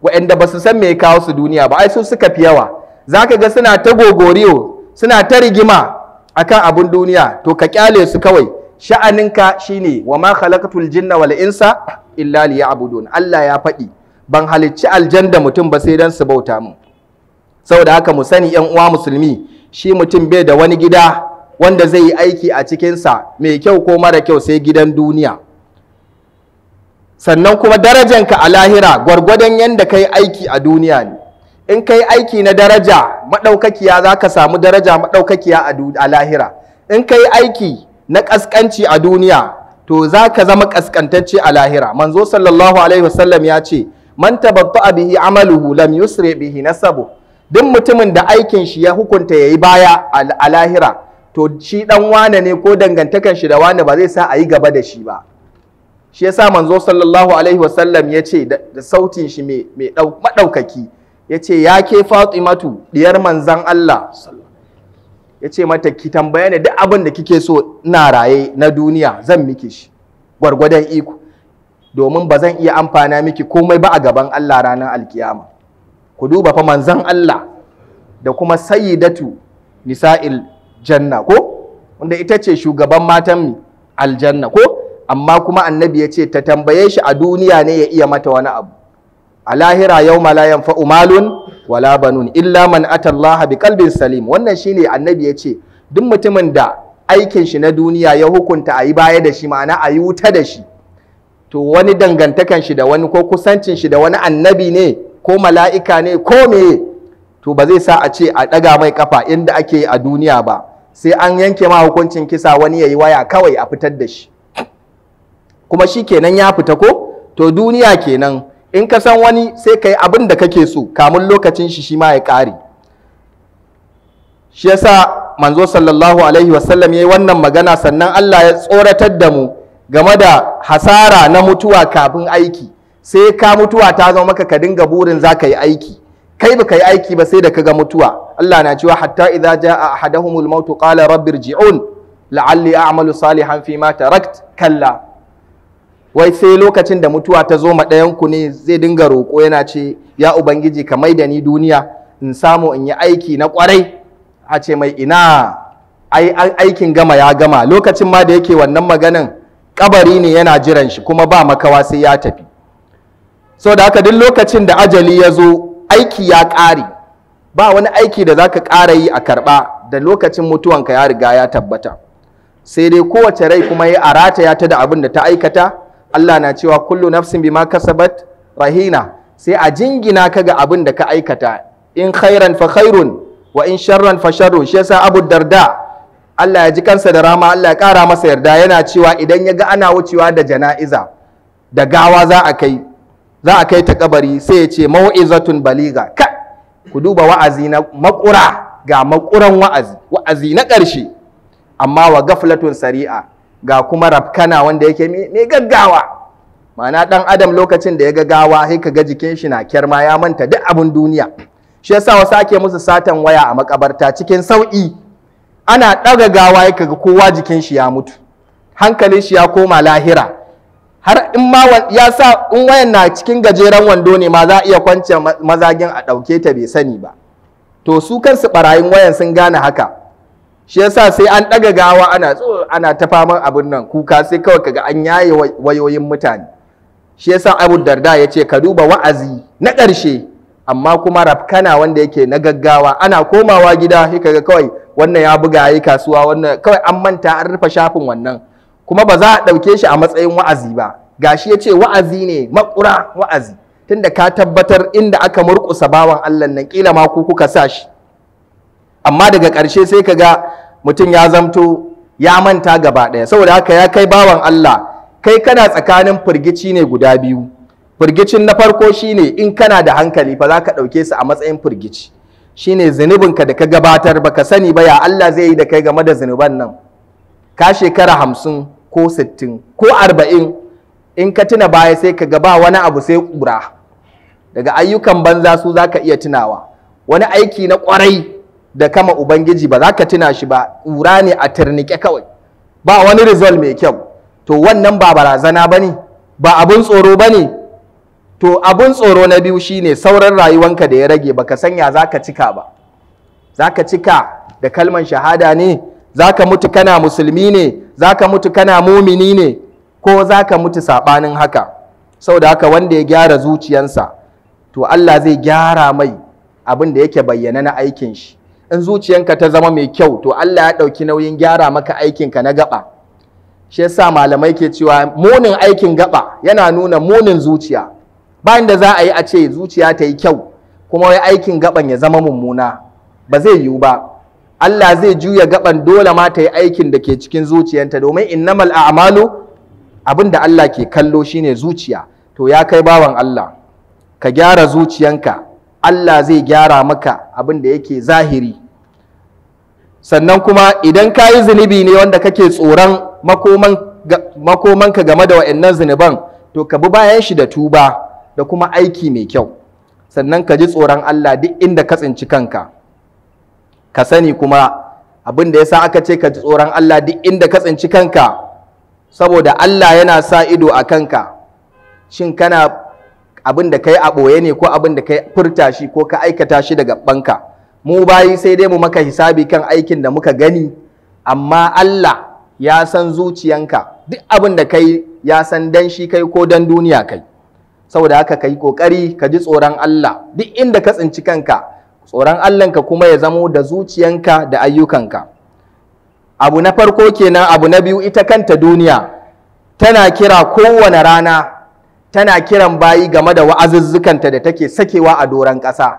wa'anda ba su san me kawo su duniya ba ai su suka fi yawa za ka ga suna ta gogoriyo suna ta rigima akan abin duniya to ka kyale su kawai sha'aninka shine wa ma khalaqatul jinna wal insa illa liya'budun Allah ya faɗi ban halicci aljanda mutum ba sai don su bauta min saboda haka mu sani yan uwa musulmi shi mutum bai da wani gida wanda zai yi aiki a cikinsa mai kyau ko mara kyau sai gidan duniya sannan kuma darajanka a lahira gwargwadon yadda ka yi aiki a duniya ne in ka yi aiki na daraja maɗaukakiya za ka samu daraja maɗaukakiya a lahira in ka yi aiki na ƙasƙanci a duniya to za ka zama ƙasƙantacce a lahira manzo sallallahu alaihi wasallam ya ce man a bihi amaluhu lam Yusre bihi nasabu duk mutumin da aikin shi ya hukunta yayi baya a lahira to shi dan wane ne ko dangantakan shi da wane ba zai sa a yi gaba da shi ba shi yasa manzo sallallahu alaihi wasallam ya ce da sautin shi mai maɗaukaki ya ce ya ke fatimatu diyar manzan Allah ya ce mata ki tambaya ne duk abin da kike so na raye na duniya zan miki shi gwargwadon iko domin ba zan iya amfana miki komai ba a gaban Allah ranar alkiyama ku duba fa manzan Allah da kuma sayyidatu nisa'il janna ko wanda ita ce shugaban matan aljanna ko amma kuma annabi ya ce ta tambaye shi a duniya ne ya iya mata wani abu a lahira yau layan fa malun wala banun illa man atallaha bi kalbin salim wannan shine annabi ya ce duk mutumin da aikin shi na duniya ya hukunta a yi baya da shi ma'ana a yi wuta da shi to wani dangantakan shi da wani ko kusancin shi da wani annabi ne ko mala'ika ne ko me to ba zai sa a ce a ɗaga mai kafa inda ake a duniya ba sai an yanke ma hukuncin kisa wani ya yi waya kawai a fitar da shi kuma shi kenan ya fita ko to duniya kenan in ka san wani sai ka yi abin da kake so kamun lokacin shi shi ma ya ƙare shi yasa manzo sallallahu alaihi wasallam ya yi wannan magana sannan Allah ya tsoratar da mu game da hasara na mutuwa kafin aiki sai ka mutuwa ta zama maka ka dinga burin za ka yi aiki kai baka yi aiki ba sai da ka ga mutuwa Allah na cewa hatta idza jaa ahaduhumul mautu qala rabbi irji'un la'alli a'malu salihan fi ma tarakt kalla wai sai lokacin da mutuwa ta zo ma ɗayan ku ne zai dinga roko yana ce ya ubangiji ka da ni duniya in samu in yi aiki na kwarai a ce mai ina ai aikin gama ya gama lokacin ma da yake wannan maganan kabari ne yana jiran shi kuma ba makawa sai ya tafi so da haka duk lokacin da ajali ya zo aiki ya ƙare ba wani aiki da za ka ƙara yi a karɓa da lokacin mutuwanka ya riga ya tabbata sai dai kowace rai kuma ya arata ya ta da abin da ta aikata Allah na cewa kullu nafsin bima kasabat rahina sai a jingina ka ga abin da ka aikata in khairan fa khairun wa in sharran fa sharrun shi yasa Abu Darda Allah ya ji kansa da rama Allah ya ƙara masa yarda yana cewa idan ya ga ana wucewa da jana'iza da gawa za a kai za a kai ta kabari sai ya ce mau'izatun baliga ka ku duba wa'azi na makura ga makuran wa'azi wa'azi na ƙarshe amma wa gaflatun sari'a ga kuma rafkana wanda yake mai gaggawa ma'ana dan adam lokacin da ya gawa sai ka ga jikin shi na kyarma ya manta duk abun duniya shi yasa wasu ake musu satan waya a makabarta cikin sauƙi ana ɗaga gawa ya kaga kowa jikin shi ya mutu hankalin shi ya koma lahira har in ma ya sa in wayan na cikin gajeren wando ne ma za a iya kwance mazagin a ɗauke ta bai sani ba to su kansu barayin wayan sun gane haka shi yasa sai an ɗaga gawa ana tso ana ta faman abin nan kuka sai kawai kaga an yaye wayoyin mutane shi yasa Abu Darda ya ce ka duba wa'azi na ƙarshe amma kuma rafkana wanda yake na gaggawa ana komawa gida sai ga kawai wannan ya buga yi kasuwa wannan kawai an manta an rufe shafin wannan kuma ba za a ɗauke shi a matsayin wa'azi ba gashi ya ce wa'azi ne makura wa'azi tunda ka tabbatar inda aka murƙusa bawan Allah nan kila ma ku kuka sa shi amma daga ƙarshe sai ka ga mutum ya zamto ya manta gaba ɗaya saboda haka ya kai bawan Allah kai kana tsakanin firgici ne guda biyu firgicin na farko shine in kana da hankali fa za ka ɗauke su a matsayin firgici shine ka da ka gabatar baka sani ba ya Allah zai yi da kai game da zunuban nan ka shekara hamsin ko sittin ko arba'in in ka tuna baya sai ka gaba wani abu sai ƙura daga ayyukan banza su za ka iya tunawa wani aiki na kwarai da kama ubangiji ba za ka tuna shi ba ƙura ne a tarnike kawai ba wani rizal mai kyau to wannan ba barazana ba ne ba abin tsoro ba ne to abun tsoro na biyu shine sauran rayuwanka da ya rage baka sanya zaka cika ba zaka cika da kalman shahada ne zaka mutu kana musulmi ne zaka mutu kana mumini ne ko zaka mutu sabanin haka saboda haka wanda ya gyara zuciyansa to Allah zai gyara mai abin da yake bayyana na aikin shi in zuciyanka ta zama mai kyau to Allah ya ɗauki nauyin gyara maka aikinka na gaba shi yasa malamai ke cewa munin aikin gaba yana nuna munin zuciya ba da za a yi a ce zuciya ta yi kyau kuma wai aikin gaban ya zama mummuna ba zai yiwu ba Allah zai juya gaban dole ma ta yi aikin da ke cikin zuciyanta domin in innamal a'malu abin da Allah ke kallo shine zuciya to ya kai bawan Allah ka gyara zuciyanka Allah zai gyara maka abin da yake zahiri sannan kuma idan ka yi zunubi ne wanda kake tsoron makomanka game da wa'annan zunuban to ka bi bayan shi da tuba da kuma aiki mai kyau sannan ka ji tsoron Allah duk inda ka tsinci kanka ka sani kuma abin da ya sa aka ce ka ji tsoron Allah duk inda ka tsinci kanka saboda Allah yana sa ido a kanka shin kana abin da kai a ɓoye ne ko abin da kai furta shi ko ka aikata shi daga banka mu bayi sai dai mu maka hisabi kan aikin da muka gani amma Allah ya san zuciyanka duk abin da kai ya san dan shi kai ko dan duniya kai saboda haka ka yi ƙoƙari ka ji tsoron Allah duk inda ka tsinci kanka tsoron ka kuma ya zamo da zuciyanka da ayyukanka abu na farko kenan abu na biyu ita kanta duniya tana kira kowane rana tana kiran bayi game da wa'azuzzukanta da take sakewa a doron ƙasa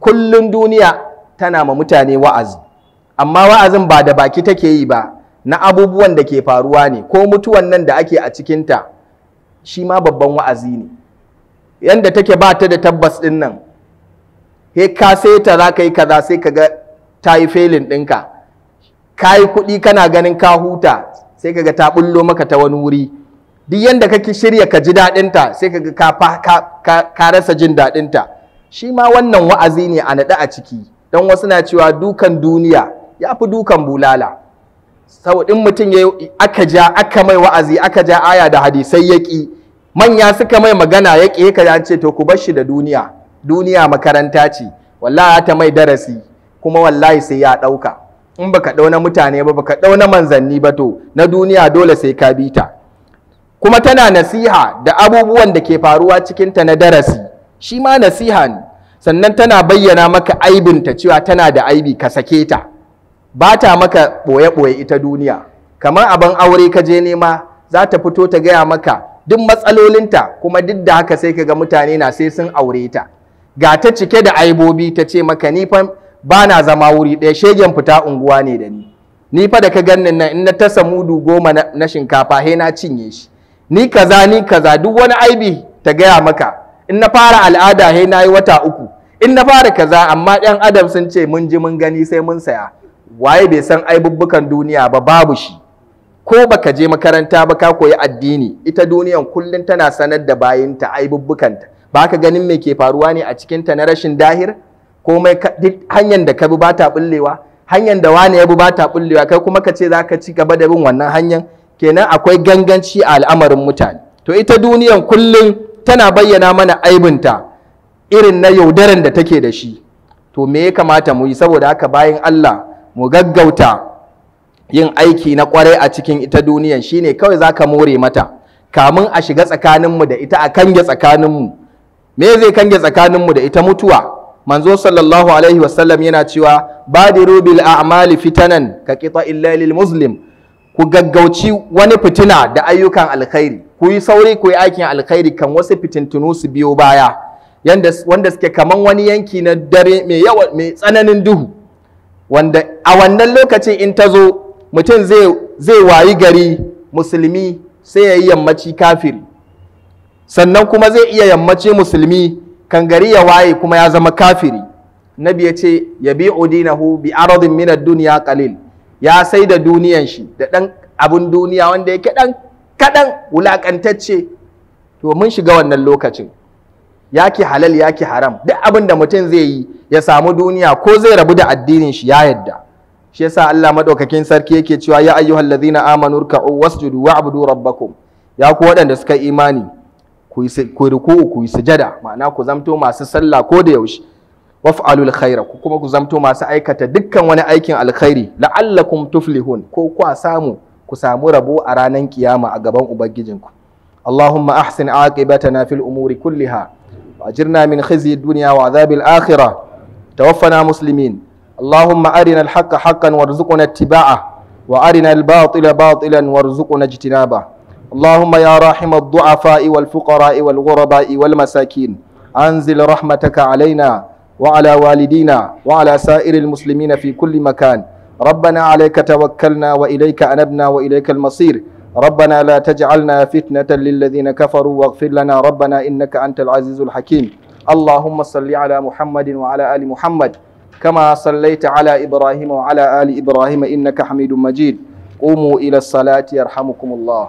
kullum duniya tana ma mutane wa'azi amma wa'azin ba da baki take yi ba na abubuwan da ke faruwa ne ko mutuwan nan da ake a cikinta shi ma babban wa'azi ne yanda take ba ta da tabbas ɗin nan he ka ta za ka yi kaza sai ka ga ta yi felin ɗinka ka yi kuɗi kana ganin ka huta sai ka ga ta ɓullo maka ta wani wuri duk yadda kake shirya ka ji daɗinta sai ka ga ka rasa jin daɗinta shi ma wannan wa'azi ne a naɗe a ciki don wasu na cewa dukan duniya ya fi dukan bulala sau in mutum ya aka ja aka mai wa'azi aka ja aya da hadisai ya manya suka mai magana ya ƙi ka ce to ku bar shi da duniya duniya makaranta ce wallahi ta mai darasi kuma wallahi sai ya ɗauka in baka ɗauna mutane ba baka ɗauna manzanni ba to na duniya dole sai ka bi ta kuma tana nasiha da abubuwan da ke faruwa cikin ta na darasi shi ma nasiha ne sannan tana bayyana maka aibin ta cewa tana da aibi ka sake ta ba ta maka ɓoye boye ita duniya kamar abin aure ka je nema za ta fito ta gaya maka duk matsalolinta kuma duk da haka sai kaga mutane na sai sun aure ta ga ta cike da aibobi ta ce maka ni fa ba na zama wuri ɗaya shegen fita unguwa ne da ni ni fa da ka gannin nan in na ta samudu goma na shinkafa he na cinye shi ni kaza ni kaza duk wani aibi ta gaya maka in na fara al'ada he na yi wata uku in na fara kaza amma 'yan adam sun ce mun ji mun gani sai mun saya waye bai san aibubbukan duniya ba babu shi ko baka je makaranta ba ka koyi addini ita duniyan kullum tana sanar da bayinta aibubbukanta ba ka ganin me ke faruwa ne a cikinta na rashin dahir komai duk hanyar da ka bi ba ta bullewa hanyar da wani ya bi ba ta bullewa kai kuma ka ce za ka ci gaba da bin wannan hanyar kenan akwai ganganci a al'amarin mutane to ita duniyan kullum tana bayyana mana aibinta irin na yaudaran da take da shi to me ya kamata mu yi saboda haka bayan Allah mu gaggauta yin aiki na kwarai a cikin ita duniyan shine kawai zaka more mata kamun a shiga tsakaninmu da ita a kange tsakaninmu me zai kange tsakaninmu da ita mutuwa manzo sallallahu alaihi wasallam yana cewa badiru bil a'mali fitanan ka qita illal muslim ku gaggauci wani fitina da ayyukan alkhairi ku yi sauri ku yi aikin alkhairi kan wasu fitintunu su biyo baya yanda wanda suke kaman wani yanki na dare mai mai tsananin duhu wanda a wannan lokacin in ta zo mutum zai wayi gari musulmi sai ya yi yammaci kafiri sannan kuma zai iya yammaci musulmi kan gari ya waye kuma ya zama kafiri nabi ya ce ya bi odinahu bi aradin mina duniya kalil ya sai da duniyan shi da ɗan abin duniya wanda ya kiɗan kaɗan wulaƙantacce. to mun shiga wannan lokacin ya ki halal ya ki haram duk abin da mutum zai yi ya samu duniya ko zai rabu da addinin shi ya yadda shi yasa Allah madaukakin sarki yake cewa ya ayyuhal ladzina amanu ruk'u wasjudu wa'budu rabbakum ya ku waɗanda suka imani ku ruku'u ku yi sujada ma'ana ku zamto masu sallah ko da yaushe waf'alul khaira ku kuma ku zamto masu aikata dukkan wani aikin alkhairi la'allakum tuflihun ko ku samu ku samu rabo a ranar kiyama a gaban ubangijinku اللهم أحسن عاقبتنا في الأمور كلها وأجرنا من خزي الدنيا وعذاب الآخرة توفنا مسلمين اللهم أرنا الحق حقا وارزقنا اتباعه وأرنا الباطل باطلا وارزقنا اجتنابه اللهم يا راحم الضعفاء والفقراء والغرباء والمساكين أنزل رحمتك علينا وعلى والدينا وعلى سائر المسلمين في كل مكان ربنا عليك توكلنا وإليك أنبنا وإليك المصير ربنا لا تجعلنا فتنة للذين كفروا واغفر لنا ربنا إنك أنت العزيز الحكيم اللهم صل على محمد وعلى آل محمد كما صليت على إبراهيم وعلى آل إبراهيم إنك حميد مجيد قوموا إلى الصلاة يرحمكم الله